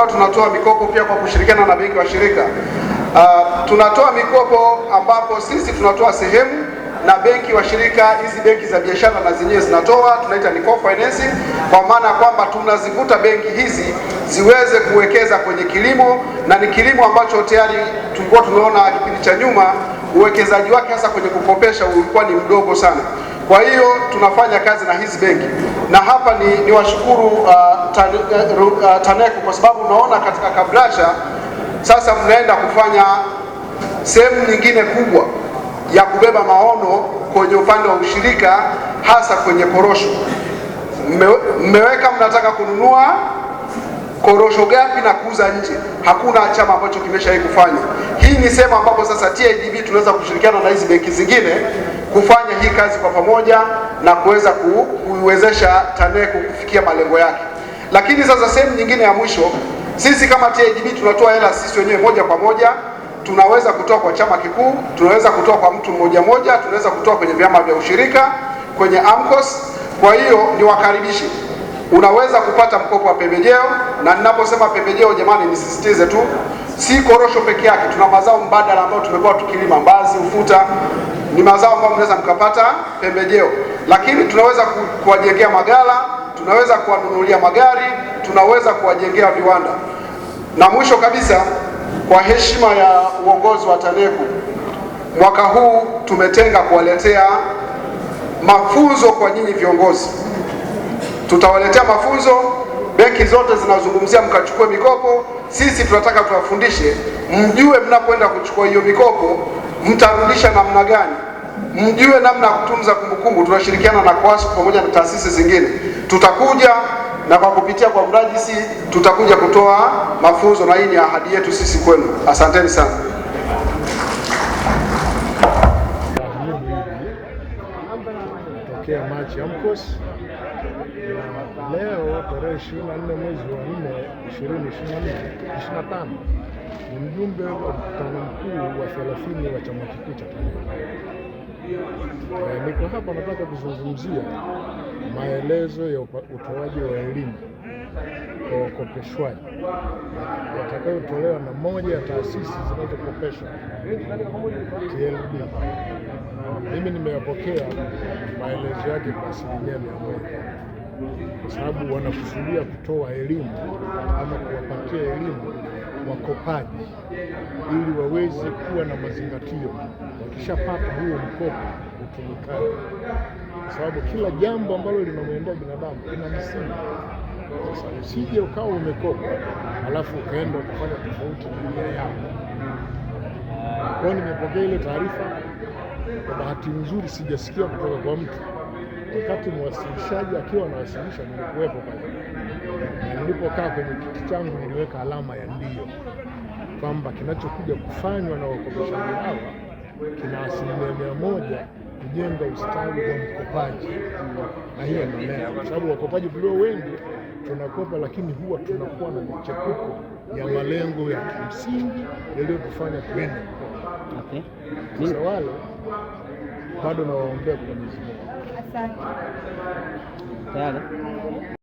Ao tunatoa mikopo pia kwa kushirikiana na benki washirika. Uh, ah, tunatoa mikopo ambapo sisi tunatoa sehemu na benki washirika, hizi benki za biashara na zenyewe zinatoa, tunaita ni co-financing, kwa maana ya kwamba tunazivuta benki hizi ziweze kuwekeza kwenye kilimo, na ni kilimo ambacho tayari tulikuwa tunaona kipindi cha nyuma uwekezaji wake hasa kwenye kukopesha ulikuwa ni mdogo sana. Kwa hiyo tunafanya kazi na hizi benki na hapa ni, niwashukuru washukuru uh, TANECU uh, uh TANECU kwa sababu unaona katika kabrasha sasa mnaenda kufanya sehemu nyingine kubwa ya kubeba maono kwenye upande wa ushirika, hasa kwenye korosho. Mmeweka mnataka kununua korosho gapi na kuuza nje. Hakuna chama ambacho kimeshawahi kufanya hii. Ni sehemu ambapo sasa tidb tunaweza kushirikiana na hizi benki zingine kufanya hii kazi kwa pamoja na kuweza kuiwezesha TANECU kufikia malengo yake. Lakini sasa sehemu nyingine ya mwisho, sisi kama TAGB tunatoa hela sisi wenyewe moja kwa moja, tunaweza kutoa kwa chama kikuu, tunaweza kutoa kwa mtu mmoja moja tunaweza kutoa kwenye vyama vya ushirika, kwenye AMCOS. Kwa hiyo niwakaribishe, unaweza kupata mkopo wa pembejeo na ninaposema pembejeo, jamani, nisisitize tu, si korosho peke yake. Tuna mazao mbadala ambayo tumekuwa tukilima, mbazi, ufuta, ni mazao ambayo mnaweza mkapata pembejeo, lakini tunaweza kuwajengea magala, tunaweza kuwanunulia magari, tunaweza kuwajengea viwanda. Na mwisho kabisa, kwa heshima ya uongozi wa TANECU, mwaka huu tumetenga kuwaletea mafunzo kwa nyinyi viongozi, tutawaletea mafunzo benki zote zinazungumzia mkachukue mikopo. Sisi tunataka tuwafundishe, mjue mnapoenda kuchukua hiyo mikopo mtarudisha namna gani, mjue namna ya kutunza kumbukumbu. Tunashirikiana na KWASU pamoja na taasisi zingine, tutakuja na kwa kupitia kwa mrajisi tutakuja kutoa mafunzo, na hii ni ahadi yetu sisi kwenu. Asanteni sana. Okay, Leo tarehe ishirini na nne mwezi wa nne ishirini ishirini na tano ni mjumbe wa mkutano mkuu wa thelathini wa chama kikuu cha Tanzania. Eh, niko hapa nataka kuzungumzia maelezo ya utoaji wa elimu kwa wakopeshwaji watakayotolewa na moja ya taasisi zinazokopeshwa TLB. Mimi nimeyapokea maelezo yake kwa asilimia mia moja kwa sababu wanakusudia kutoa elimu ama kuwapatia elimu wakopaji ili waweze kuwa na mazingatio wakishapata huo mkopo utumikaji, kwa sababu kila jambo ambalo linamwendea binadamu ina msingi. Sasa usije ukawa umekopa alafu ukaenda ukafanya tofauti na nia yako. Kwao nimepokea ile taarifa, kwa bahati nzuri sijasikia kutoka kwa mtu wakati mwasilishaji akiwa anawasilisha nilikuwepo pale, na nilipokaa kwenye kiti changu niliweka alama ya ndio kwamba kinachokuja kufanywa na wakopeshaji hawa kina asilimia mia moja kujenga ustawi wa mkopaji, na hiyo nanea kwa sababu wakopaji tulio wengi tunakopa lakini huwa tunakuwa na michepuko ya malengo ya kimsingi yaliyotufanya tuende okay. Sasa wale bado nawaombea kwa Mwenyezi Mungu. Asante. Tayari.